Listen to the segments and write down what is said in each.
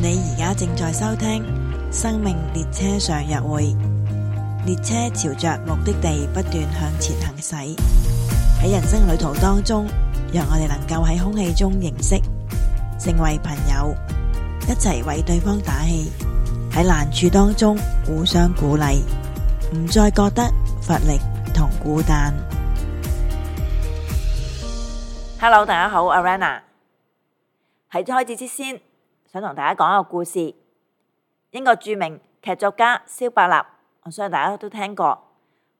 你而家正在收聽《生命列車上約會》，列車朝着目的地不斷向前行駛。喺人生旅途當中，讓我哋能夠喺空氣中認識，成為朋友，一齊為對方打氣。喺難處當中互相鼓勵，唔再覺得乏力同孤單。Hello，大家好，Rana 喺開始之先。想同大家講一個故事。英國著名劇作家蕭伯納，我相信大家都聽過。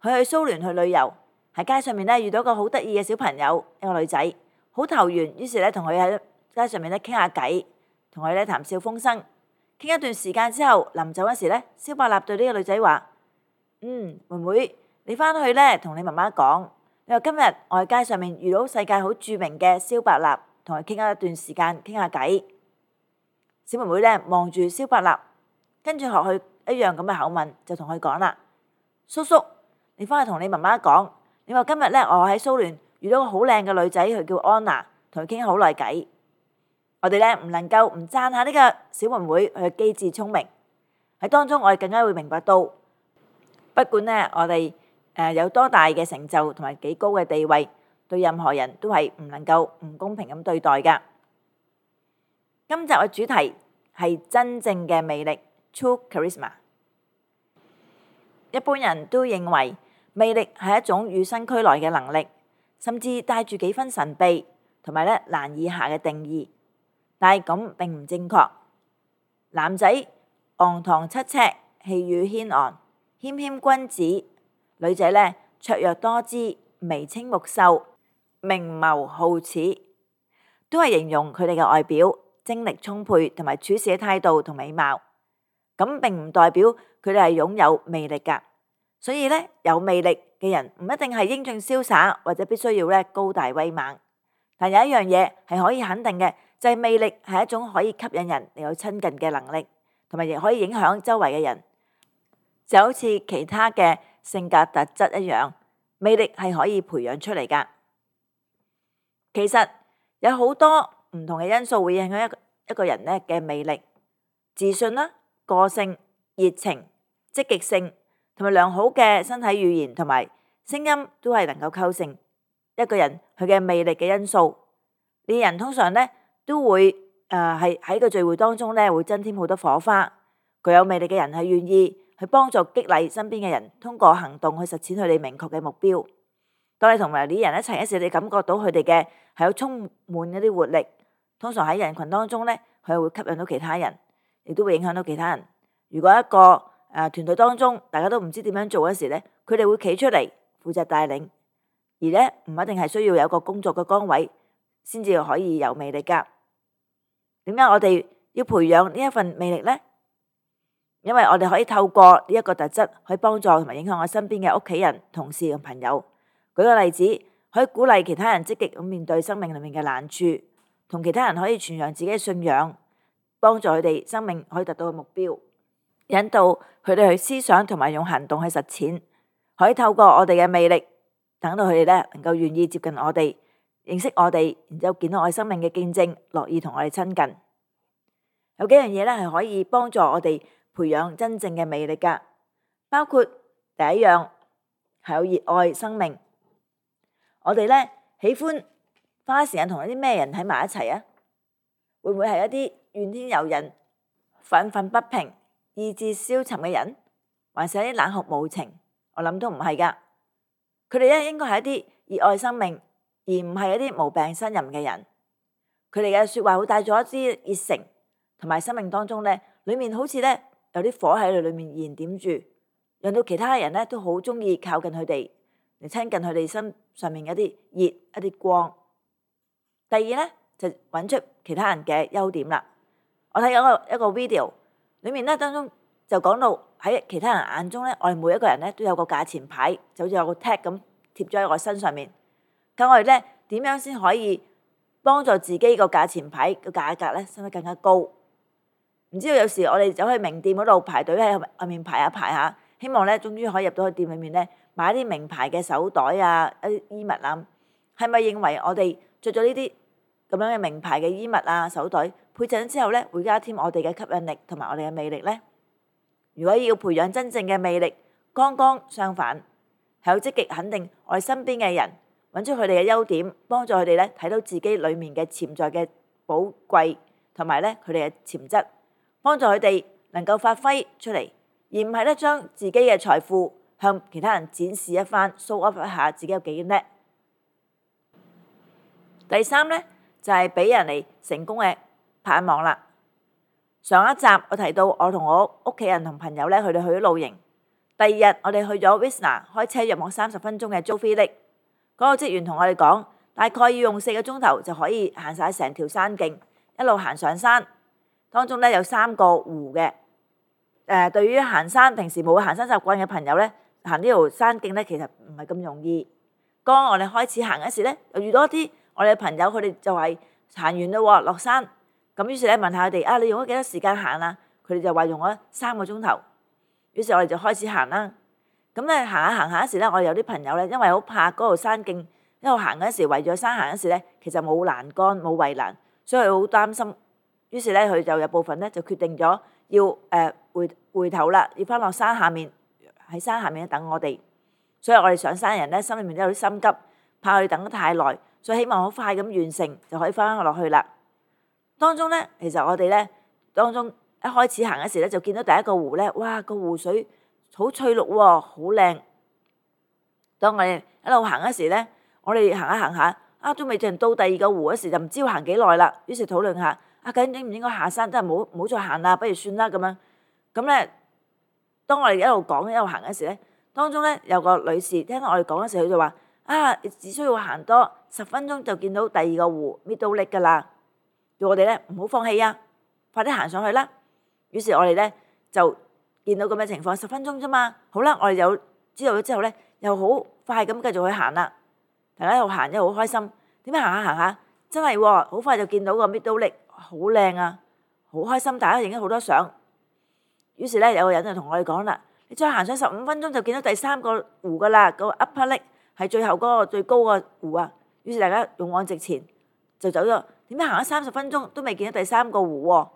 佢去蘇聯去旅遊，喺街上面咧遇到一個好得意嘅小朋友，一個女仔，好投緣。於是咧同佢喺街上面咧傾下偈，同佢咧談笑風生。傾一段時間之後，臨走嗰時咧，蕭伯納對呢個女仔話：嗯，妹妹，你翻去咧同你媽媽講，你話今日我喺街上面遇到世界好著名嘅蕭伯納，同佢傾咗一段時間，傾下偈。小妹妹呢，望住蕭伯納，跟住學佢一樣咁嘅口吻就同佢講啦。叔叔，你返去同你媽媽講，你話今日呢我喺蘇聯遇到個好今集嘅主題係真正嘅魅力 （True Charisma）。一般人都認為魅力係一種與生俱來嘅能力，甚至帶住幾分神秘同埋呢難以下嘅定義，但係咁並唔正確。男仔昂藏七尺，氣宇軒昂，謙謙君子；女仔呢綽約多姿，眉清目秀，明眸皓齒，都係形容佢哋嘅外表。精力充沛同埋處事嘅態度同美貌，咁並唔代表佢哋係擁有魅力噶所以呢，有魅力嘅人唔一定係英俊瀟灑或者必須要咧高大威猛。但有一樣嘢係可以肯定嘅，就係、是、魅力係一種可以吸引人嚟去親近嘅能力，同埋亦可以影響周圍嘅人。就好似其他嘅性格特質一樣，魅力係可以培養出嚟噶。其實有好多。唔同嘅因素會影響一個一個人咧嘅魅力，自信啦、個性、熱情、積極性，同埋良好嘅身體語言同埋聲音都係能夠構成一個人佢嘅魅力嘅因素。呢啲人通常咧都會誒係喺個聚會當中咧會增添好多火花。具有魅力嘅人係願意去幫助激勵身邊嘅人，通過行動去實踐佢哋明確嘅目標。當你同埋呢啲人一齊，一時你感覺到佢哋嘅係有充滿一啲活力。通常喺人群當中呢，佢會吸引到其他人，亦都會影響到其他人。如果一個誒團隊當中，大家都唔知點樣做嗰時呢，佢哋會企出嚟負責帶領，而呢，唔一定係需要有一個工作嘅崗位先至可以有魅力噶。點解我哋要培養呢一份魅力呢？因為我哋可以透過呢一個特質，可以幫助同埋影響我身邊嘅屋企人、同事同朋友。舉個例子，可以鼓勵其他人積極咁面對生命裡面嘅難處。同其他人可以傳揚自己嘅信仰，幫助佢哋生命可以達到目標，引導佢哋去思想同埋用行動去實踐，可以透過我哋嘅魅力，等到佢哋咧能夠願意接近我哋，認識我哋，然之後見到我哋生命嘅見證，樂意同我哋親近。有幾樣嘢咧係可以幫助我哋培養真正嘅魅力噶，包括第一樣係有熱愛生命，我哋咧喜歡。花時間同一啲咩人喺埋一齊啊？會唔會係一啲怨天尤人、憤憤不平、意志消沉嘅人，還是一啲冷酷無情？我諗都唔係噶，佢哋咧應該係一啲熱愛生命，而唔係一啲無病呻吟嘅人。佢哋嘅説話會帶咗一支熱誠，同埋生命當中咧，裡面好似咧有啲火喺佢裡面燃點住，讓到其他人咧都好中意靠近佢哋，嚟親近佢哋身上面一啲熱一啲光。第二咧就揾出其他人嘅優點啦。我睇咗一個一個 video 裡面咧，當中就講到喺其他人眼中咧，我哋每一個人咧都有個價錢牌，就好似有個 tag 咁貼咗喺我身上面。咁我哋咧點樣先可以幫助自己個價錢牌個價格咧升得更加高？唔知道有時我哋走去名店嗰度排隊喺外面排下排下，希望咧終於可以入到去店裡面咧買啲名牌嘅手袋啊，一啲衣物啊，係咪認為我哋着咗呢啲？咁樣嘅名牌嘅衣物啊、手袋配襯之後呢，會加添我哋嘅吸引力同埋我哋嘅魅力呢？如果要培養真正嘅魅力，剛剛相反係要積極肯定我哋身邊嘅人，揾出佢哋嘅優點，幫助佢哋咧睇到自己裡面嘅潛在嘅寶貴同埋咧佢哋嘅潛質，幫助佢哋能夠發揮出嚟，而唔係咧將自己嘅財富向其他人展示一番，show off 一下自己有幾叻。第三呢。就係俾人嚟成功嘅盼望啦。上一集我提到，我同我屋企人同朋友咧，佢哋去咗露營。第二日我哋去咗 Whistler，開車約莫三十分鐘嘅 Joffre Lake。嗰個職員同我哋講，大概要用四個鐘頭就可以行晒成條山徑，一路行上山。當中咧有三個湖嘅。誒，對於行山平時冇行山習慣嘅朋友咧，行呢條山徑咧，其實唔係咁容易。當我哋開始行嗰時咧，又遇到一啲我哋朋友佢哋就係行完啦，落山咁，於是咧問下佢哋啊，你用咗幾多時間行啊？佢哋就話用咗三個鐘頭。於是，我哋就開始行啦。咁咧行下行下嗰時咧，我哋有啲朋友咧，因為好怕嗰度山徑一路行嗰時，圍咗山行嗰時咧，其實冇欄杆冇圍欄，所以佢好擔心。於是咧，佢就有部分咧就決定咗要誒回回頭啦，要翻落山下面，喺山下面等我哋。所以我哋上山人咧，心裏面都有啲心急，怕佢哋等得太耐。最希望好快咁完成，就可以翻返落去啦。當中咧，其實我哋咧，當中一開始行嘅時咧，就見到第一個湖咧，哇！這個湖水好翠綠喎，哦，好靚。當我哋一路行嘅時咧，我哋行一行下，啊都未仲到第二個湖嗰時，就唔知要行幾耐啦。於是討論下，啊究竟應唔應該下山，即係冇冇再行啦，不如算啦咁樣。咁咧，當我哋一路講一路行嘅時咧，當中咧有個女士聽到我哋講嘅時，佢就話：啊，只需要行多，十分鐘就見到第二個湖，Middle Lake 噶啦。叫我哋咧唔好放棄啊！快啲行上去啦。於是我呢，我哋咧就見到咁嘅情況。十分鐘啫嘛，好啦，我哋有知道咗之後咧，又好快咁繼續去行啦。大家一路行又好開心。點解行下行下真係好快就見到個 Middle Lake 好靚啊！好開心，大家影咗好多相。於是咧有個人就同我哋講啦：，你再行上十五分鐘就見到第三個湖噶啦，嗰個 Upper Lake 係最後嗰、個最高個湖啊！於是大家勇往直前，就走咗，點解行咗三十分鐘都未見到第三個湖，哦，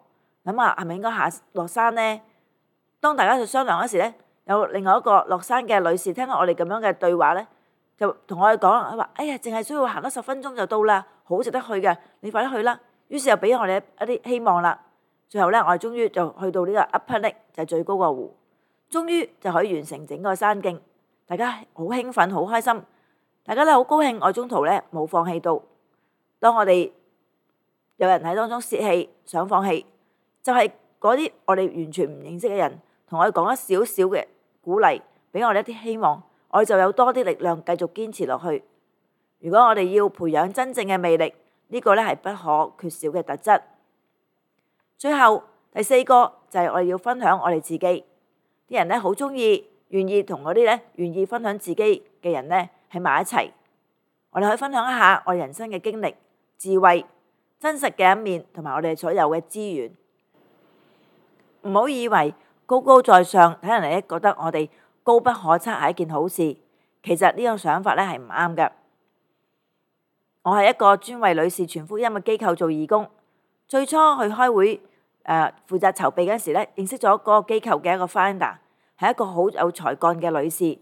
諗下係咪應該下落山呢？當大家在商量嗰時咧，有另外一個落山嘅女士聽到我哋咁樣嘅對話咧，就同我哋講，佢話，哎呀，淨係需要行多十分鐘就到啦，好值得去嘅，你快啲去啦！於是又俾我哋一啲希望啦。最後咧，我哋終於就去到呢個 Upper Lake，就係最高個湖，終於就可以完成整個山徑。大家好興奮，好開心。大家都好高興，我中途呢，冇放棄到。當我哋有人喺當中泄氣想放棄，就係嗰啲我哋完全唔認識嘅人，同我哋講一少少嘅鼓勵，俾我哋一啲希望，我哋就有多啲力量繼續堅持落去。如果我哋要培養真正嘅魅力，呢個呢係不可缺少嘅特質。最後第四個就係我哋要分享我哋自己，啲人呢好中意願意同嗰啲呢願意分享自己嘅人呢。喺埋一齊，我哋可以分享一下我人生嘅經歷、智慧、真實嘅一面，同埋我哋所有嘅資源。唔好以為高高在上睇人哋覺得我哋高不可測係一件好事，其實呢種想法咧係唔啱嘅。我係一個專為女士傳福音嘅機構做義工，最初去開會，誒、呃、負責籌備嗰陣時咧，認識咗嗰個機構嘅一個 founder 啊，係一個好有才幹嘅女士。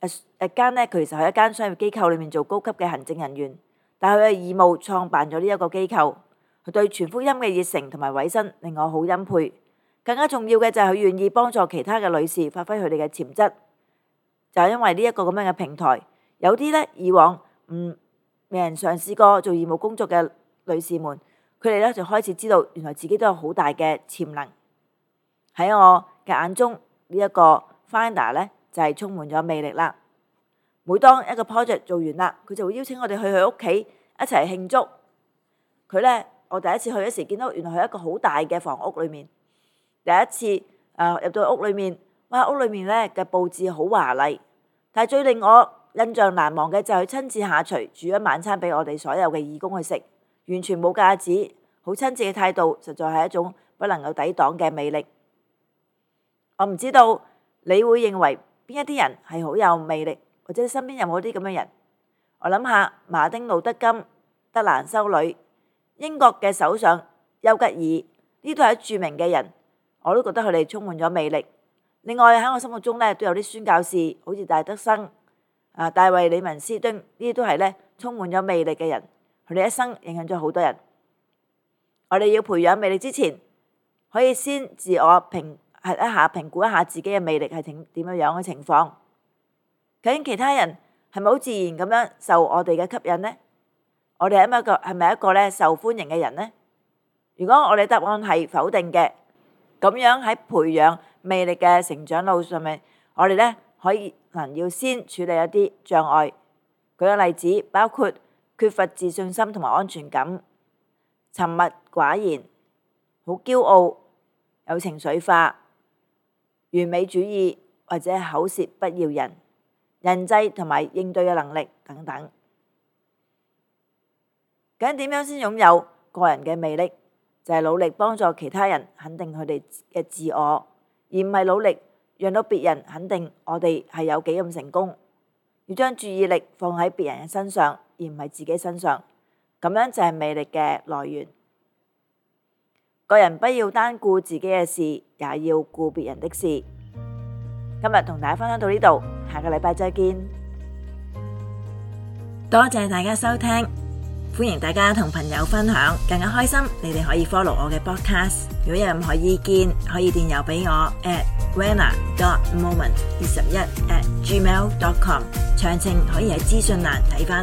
誒誒間咧，佢其實喺一間商業機構裏面做高級嘅行政人員，但佢嘅義務創辦咗呢一個機構，佢對全福音嘅熱誠同埋委身令我好欽佩。更加重要嘅就係佢願意幫助其他嘅女士發揮佢哋嘅潛質。就係、因為呢一個咁樣嘅平台，有啲呢以往唔、嗯、未人嘗試過做義務工作嘅女士們，佢哋呢就開始知道原來自己都有好大嘅潛能。喺我嘅眼中，呢、這、一個 founder 呢。就係充滿咗魅力啦！每當一個 project 做完啦，佢就會邀請我哋去佢屋企一齊慶祝。佢呢，我第一次去嘅時見到，原來係一個好大嘅房屋裏面。第一次誒、呃、入到屋裏面，哇！屋裏面呢嘅布置好華麗，但係最令我印象難忘嘅就係佢親自下廚煮咗晚餐俾我哋所有嘅義工去食，完全冇架子，好親切嘅態度，實在係一種不能夠抵擋嘅魅力。我唔知道你會認為，邊一啲人係好有魅力，或者身邊有冇啲咁嘅人？我諗下，馬丁路德金、德蘭修女、英國嘅首相丘吉爾，呢都係著名嘅人，我都覺得佢哋充滿咗魅力。另外喺我心目中咧，都有啲宣教士，好似戴德生、啊大衛李文斯頓，呢啲都係咧充滿咗魅力嘅人，佢哋一生影響咗好多人。我哋要培養魅力之前，可以先自我評核一下，評估一下自己嘅魅力係點點樣樣嘅情況，究竟其他人係咪好自然咁樣受我哋嘅吸引呢？我哋係咪一個，係咪一個呢，受歡迎嘅人呢？如果我哋答案係否定嘅，咁樣喺培養魅力嘅成長路上面，我哋呢可以能要先處理一啲障礙。舉個例子，包括缺乏自信心同埋安全感，沉默寡言，好驕傲，有情緒化，完美主義或者口舌不饒人，人際同埋應對嘅能力等等。究竟點樣先擁有個人嘅魅力？就係努力幫助其他人，肯定佢哋嘅自我，而唔係努力讓到別人肯定我哋係有幾咁成功。要將注意力放喺別人嘅身上，而唔係自己身上，咁樣就係魅力嘅來源。個人不要單顧自己嘅事，也要顧別人的事。今日同大家分享到呢度，下個禮拜再見。多謝大家收聽，歡迎大家同朋友分享，更加開心。你哋可以 follow 我嘅 podcast，如果有任何意見，可以電郵俾我 at rana dot moment 二十一 at gmail dot com，詳情可以喺資訊欄睇返。